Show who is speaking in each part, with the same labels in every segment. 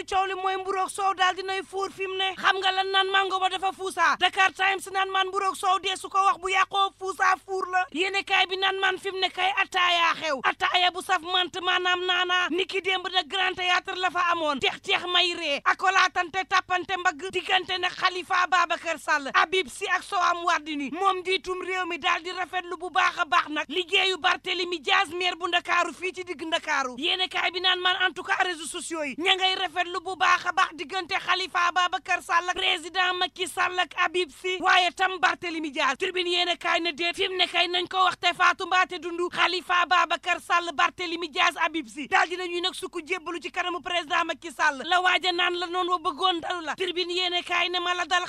Speaker 1: li coow li mooy mburoog soow daal dinay fuur fi mu ne xam nga lan naan mango ba dafa fuusaa Dakar Times naan man mburoog soow dee su ko wax bu yàqoo fuusaa fuur la yéene bi naan man fi mu ne kay ataayaa xew ataaya bu saf mant maanaam naanaa niki démb nag grand théâtre la fa amoon teex-teex may ree akolaatante tàppante mbagg diggante nag Khalifa Babacar Sall Habib Sy ak Soham Wardini moom njiitum réew mi daal di rafetlu bu baax a baax nag liggéeyu Barthélemy Dias maire bu ndakaaru fii ci digg ndakaaru yéene kaay bi naan man rafetlu bu baax a baax diggante Khalifa Ababacar Sall ak président Macky Sall ak Habib Sy waaye tam Barthélemy Dias tribune yéen a kaay na déet fi mu ne kay nañ ko waxte Fatou Mbaate Dundu Khalifa Ababacar Sall Barthélemy Dias Habib Sy daal dinañuy nag sukku jébbalu ci kanamu président Macky Sall la waaja naan la noonu wa bëggoon dalu la tribune yéen a kaay na ma la dal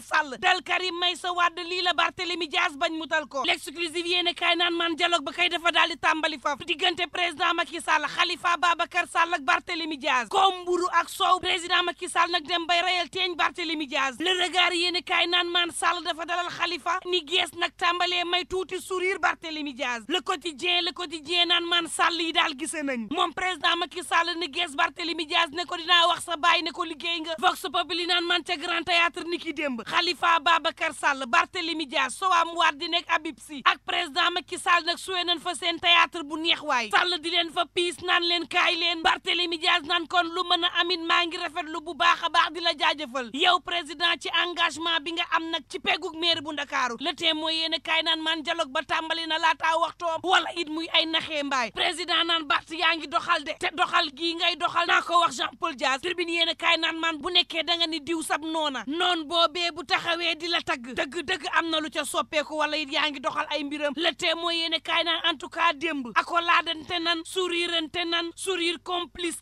Speaker 1: Sall dal Karim may Wade lii la Barthélemy Dias bañ mu dal ko l'exclusive yéen a naan man dialogue ba kay dafa daal di tàmbali faf diggante président Macky Sall Khalifa Ababacar Sall ak Barthélemy Dias comme mburu ak soow président Macky Sall nag dem bay rayal teeñ Barthélémy Diaz le regard yéeni kaay naan maan Sall dafa dalal Khalifa ni gees nag tàmbalee may tuuti sourire Barthélémy Diaz le quotidien le quotidien naan maan Sall yi daal gise nañ moom président Macky Sall ni gees Barthélémy Diaz ne ko dinaa wax sa baay ne ko liggéey nga vox populi naan maan ca grand théâtre ni ki démb Khalifa Babacar Sall Barthélémy Diaz Soham Wardini ak Habib Sy ak président Macky Sall nag suwe nañ fa seen théâtre bu neex waay Sall di leen fa piis leen kaay leen Barthélémy Diaz naan lu mën a amit maa ngi rafet lu bu baax a baax di la jaajëfal yow président ci engagement bi nga am nag ci peggug maire bu ndakaaru le temps mooy yéen kaay naan man dialogue ba tàmbali na laataa waxtoom wala it muy ay naxee mbaay président naan Barth yaa ngi doxal de doxal gii ngay doxal naa ko wax Jean Paul Diaz tribune yéen kaay naan man bu nekkee danga ni diw sab noona noon boo bee bu taxawee di la tagg dëgg-dëgg am na lu ca soppeeku wala it yaa ngi doxal ay mbiram le temps yéen kaay en tout cas démb ako laadante nan souriirante nan sourire complice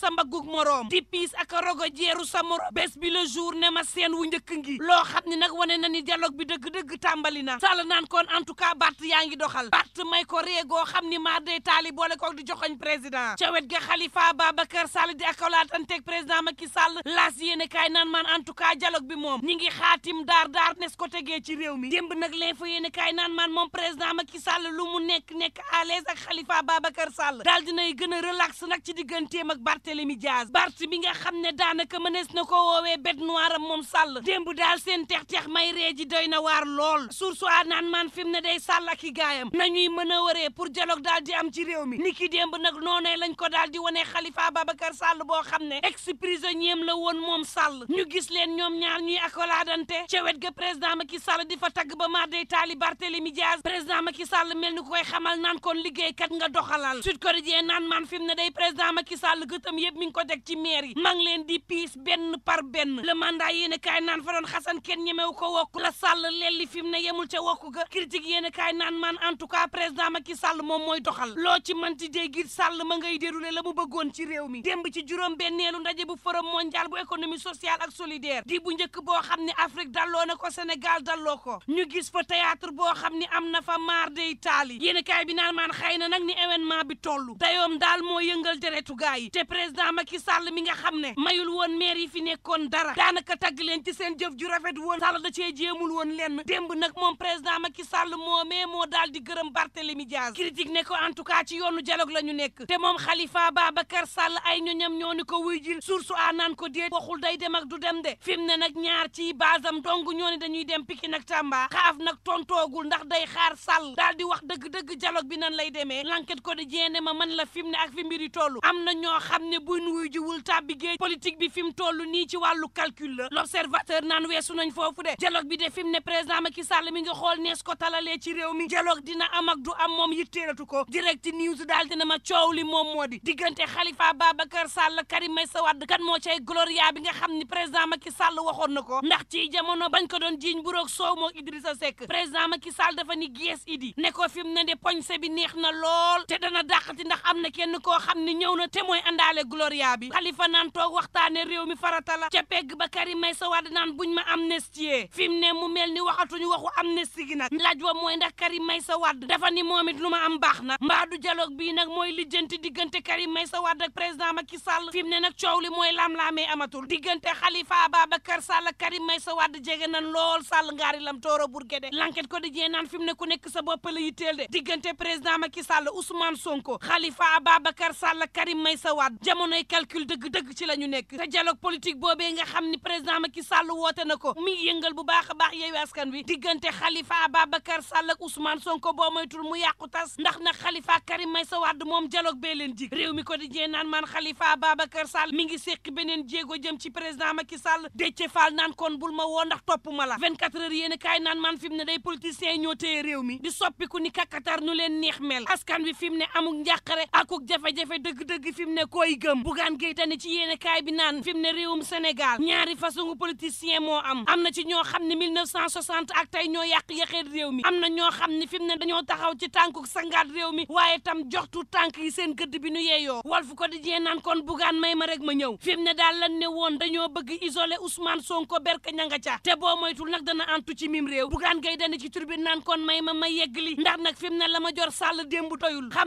Speaker 1: sa mbaggug moroom di piis ak rogo jeeru sa moroom bés bi le jour ne ma seen wu njëkk ngi loo xam ni nag wane na ni dialogue bi dëgg-dëgg tàmbali na sàll naan kon en tout cas Bart yaa ngi doxal Bart may ko réegoo xam ni maar day taali boole ko di joxoñ président ca wet ga Khalifa Babacar Sall di akkalaatanteeg président Macky Sall laas yéene kaay naan maan en tout cas jalog bi moom ñi ngi xaatim daar daar nes ko tegee ci réew mi démb nag l'info yéene kaay naan man moom président Macky Sall lu mu nekk nekk à l'aise ak Khalifa Babacar Sall daal dinay gën a relax nag ci digganteem ak Bart Barthélémy Diaz Bart nga xam ne daanaka mën mënees na ko woowee bête noire moom Sall démb daal seen tex-tex may ree ji doy na waar lool sursu a naan maan fi ne day Sall ak i gaayam ñuy mën a waree pour dialogue daal ji am ci réew mi ni ki démb nag noonee lañ ko daal di wanee Khalifa Babacar Sall boo xam ne ex prisonnier am la woon moom Sall ñu gis leen ñoom ñaar ñuy akolaadante ca wet ga ma ki Sall di fa tagg ba maa day taali Barthélémy Diaz président Macky Sall mel ni koy xamal naan kon liggéeykat nga doxalal Sud Quotidien naan maan fi mu ne day président Macky Sall yëpp mi ngi ko teg ci maire yi ma leen di piis benn par benn le mandaa yéen a naan fa doon xasan kenn ñemewu ko wokk la sàll lelli fi mu ne yemul ca wokk ga critique yéen a kaay naan man en tout cas président Macky Sall moom mooy doxal loo ci manti déggit sàll ma ngay déroulé la mu bëggoon ci réew mi démb ci juróom benneelu ndaje bu forum mondial bu économie sociale ak solidaire di bu njëkk boo xam ni Afrique dalloo na ko Sénégal dalloo ko ñu gis fa théâtre boo xam ne am na fa maar dey taali yéen kaay bi naan maan xëy na nag ni événement bi toll dayoom daal moo yëngal deretu gaa yi président Macky Sall mi nga xam ne mayul woon meer yi fi nekkoon dara daanaka tagg leen ci seen jëf ju rafet woon Sall da cee jéemul woon lenn démb nag moom président Macky Sall moo moomee moo daal di gërëm Barthélémy Diaz critique ne ko en tout cas ci yoonu dialogue la ñu nekk te moom Khalifa Babacar Sall ay ñoñam ñoo ni ko wuy jil source a nan ko déet waxul day dem ak du dem de ne nag ñaar ci basam dong ñoo ne dañuy dem Pikine ak Tamba xaaf nag tontoogul ndax day xaar Sall daal di wax dëgg-dëgg dialogue bi nan lay demee l'enquête ko di jeene ma man la fi mu ne ak fi mbir yi am na ñoo buy nu wuy jiwul tàbbi géej bi fi mu toll nii ci wàllu calcul la l'observateur naan weesu nañ foofu de dialogue bi de fi mu ne président Macky Sall mi nga xool nees ko talalee ci réew mi dialogue dina am ak du am moom yitteelatu ko direct news daal dina ma coow li moom moo di diggante Khalifa Babacar Sall Karim sa Wade kan moo cay gloria bi nga xam ni président Macky Sall waxoon na ko ndax ci jamono bañ ko doon jiiñ buroog soow moo Idrissa sek président Macky Sall dafa ni gees idi ne ko fi mu ne de poñse bi neex na lool te dana dàqati ndax am na kenn koo xam ne ñëw na te mooy Palais Gloria bi Khalifa naan toog waxtaane réew mi farata la ca pegg ba Karim Meïssa Wade naan buñ ma amnistie fi mu ne mu mel ni waxatuñu waxu amnistie gi nag laaj wa mooy ndax Karim Meïssa Wade dafa ni moom it lu ma am baax na mbaa du dialogue bii nag mooy lijjanti diggante Karim may Wade ak président Macky Sall fi mu ne nag coow li mooy lam-laamee amatul diggante Khalifa Ababacar Sall Karim Meïssa Wade jege nan lool Sall ngaari lam tooro burgede l'enquête ko di jee naan fi mu ne nekk sa bopp la yitteel diggante président Macky Sall Ousmane Sonko Khalifa Ababacar Sall Karim Meïssa Wade jamonoy calcul dëgg-dëgg ci la ñu nekk te dialogue politique boobee nga xam ni président Macky Sall woote na ko mi ngi yëngal bu baax a baax yeewu askan wi diggante Khalifa Ababacar Sall ak Ousmane Sonko boo moytul mu yàqu tas ndax nag Khalifa Karim Meïssa Wade moom dialogue bee leen jig réew mi quotidien naan maan Khalifa Ababacar Sall mi ngi séq beneen jéego jëm ci président Macky Sall Déthié Fall naan kon bul ma woo ndax topp ma la 24 heures yéen kaay naan maan fi mu ne day politiciens ñoo téye réew mi di soppiku ni kakatar nu leen neex mel askan wi fi mu ne amuk njàqare akuk jafe dëgg-dëgg fi mu ne gëm bugaan géy tane ci yéene kaay bi naan fi mu ne réewum Sénégal ñaari façon politicien moo am am na ci ñoo xam ne ak tey ñoo yàq yaxeet réew mi am na ñoo xam ne fi mu ne dañoo taxaw ci tànku sangaat réew mi waaye tam joxtu tànk yi seen gëdd bi nu ko Walf Quotidien naan kon bugaan may ma rek ma ñëw fi mu ne daal lan ne woon dañoo bëgg isolé Ousmane Sonko berka ñanga ca te boo moytul nag dana antu ci mim réew bugaan géy dane ci tribune naan kon ndax nag fi mu ne la ma jor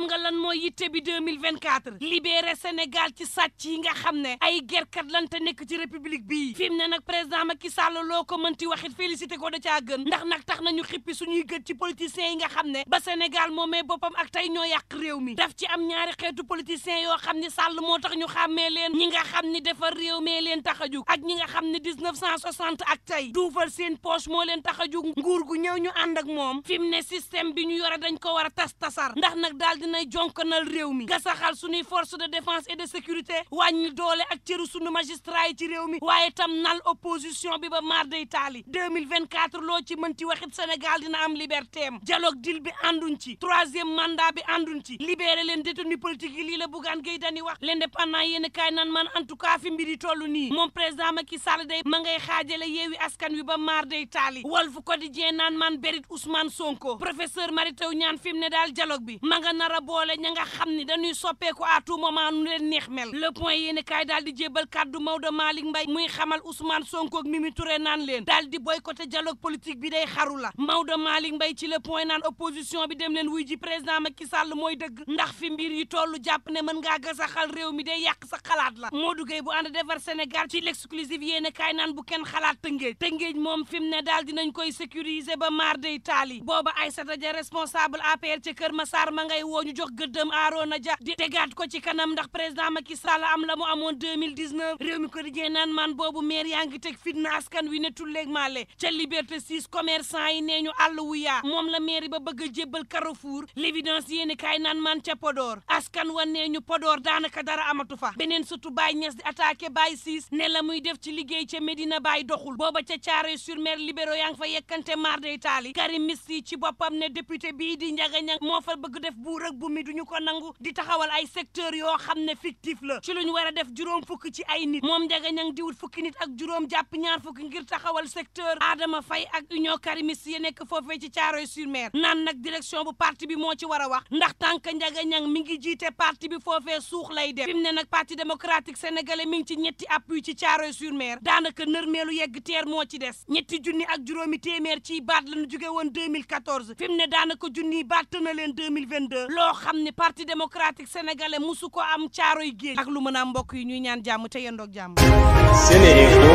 Speaker 1: nga lan mooy yitte bi 2024 Sénégal ci sàcc yi nga xam ne ay gerkat lan nekk ci république bi fi mu ne nag président ki Sall loo ko mënti waxit félicité ko da caa gën ndax nag tax nañu xippi suñuy gët ci politiciens yi nga xam ne ba Sénégal moomee boppam ak tey ñoo yàq réew mi daf ci am ñaari xeetu politiciens yoo xam ne sàll moo tax ñu xàmmee leen ñi nga xam ni defar réew mee leen tax a jug ak ñi nga xam ne 1960 ak tey duufal seen poche moo leen tax a jug nguur gu ñëw ñu ànd ak moom fi ne système bi ñu yore dañ ko war a tas tasar ndax nag daal dinay jonkanal réew mi nga saxal suñuy force de défense et de sécurité wàññi doole ak cëru sunu magistrat yi ci réew mi waaye tam nal opposition bi ba maar day taali 2024 loo ci mënti waxit Sénégal dina am liberté am dialogue dil bi ànduñ ci troisième mandat bi ànduñ ci libéré leen détenu politique yi lii la Bougane Gueye Dany wax l'indépendant yéen kaay naan man en tout cas fi mbir yi toll nii moom président Macky Sall day ma ngay xaajale yeewi askan wi ba maar day taali Walf Quotidien naan man berit Ousmane Sonko professeur Mary Teuw Niane fi mu ne daal dialogue bi ma nga nar ña nga xam ni dañuy soppeeku à tout moment nu leen neex neex mel le point yéen i kaay daal di jébbal kàddu Maodo Malick Mbaye muy xamal Ousmane Sonko mi Mimi Touré naan leen daal di boycotté dialogue politique bi day xaru la Maodo Malick mbay ci le point naan opposition bi dem leen wuy ji président Macky Sall mooy dëgg ndax fi mbir yi tollu jàpp ne mën ngaa gasaxal réew mi day yàq sa xalaat la moo Gueye bu ànd defar Sénégal ci l'exclusive yéen i kaay naan bu kenn xalaat tëngeej tëngeej moom fi mu ne daal dinañ koy sécuriser ba maa day taali booba Aïssata Dia responsable APR ca Kër Massar ma ngay woo ñu jox gëddëm Arona Dia di tegaat ko ci kanam ndax président Macky Sall am la mu amoon 2019 réew mi quotidien naan man boobu maire yaa ngi teg fitna askan wi ne tulleeg maale ca liberté 6 commerçant yi nee ñu àll wu yaa moom la maire ba bëgg a jébbal Carrefour l'évidence yéeni kaay naan man ca Podor askan wa nee ñu podoor daanaka dara amatu fa beneen surtout Baye Niass di attaqué Baye Ciss ne la muy def ci liggéey ca Medina Baye doxul booba ca Thiaroye sur Mer libéraux yaa ngi fa yekkante mar day taali Karim Missi ci boppam ne député bii di Ndiaga Niang moo fa bëgg def buur ak bu mi duñu ko nangu di taxawal ay secteur yoo xam ne fi collectif la ci lu ñu war a def juróom fukk ci ay nit moom Ndiaga Niang di wut fukki nit ak juróom jàpp ñaar fukki ngir taxawal secteur Adama fay ak union karimiste yi nekk foofee ci Thiaroye sur Mer naan nag direction bu parti bi moo ci war a wax ndax tànk Ndiaga Niang mi ngi jiite parti bi foofee suux lay def fi mu ne nag parti démocratique sénégalais mi ngi ci ñetti appui ci Thiaroye sur Mer daanaka nërmeelu yegg teer moo ci des ñetti junni ak juróomi téeméer ciy baat lañu jóge woon 2014 fi mu ne daanaka junniy baat na leen 2022 loo xam ne parti démocratique sénégalais musu ko am Thiaroye caaroy géej ak lu mën a mbokk yi ñuy ñaan jàmm te yendoog jàmm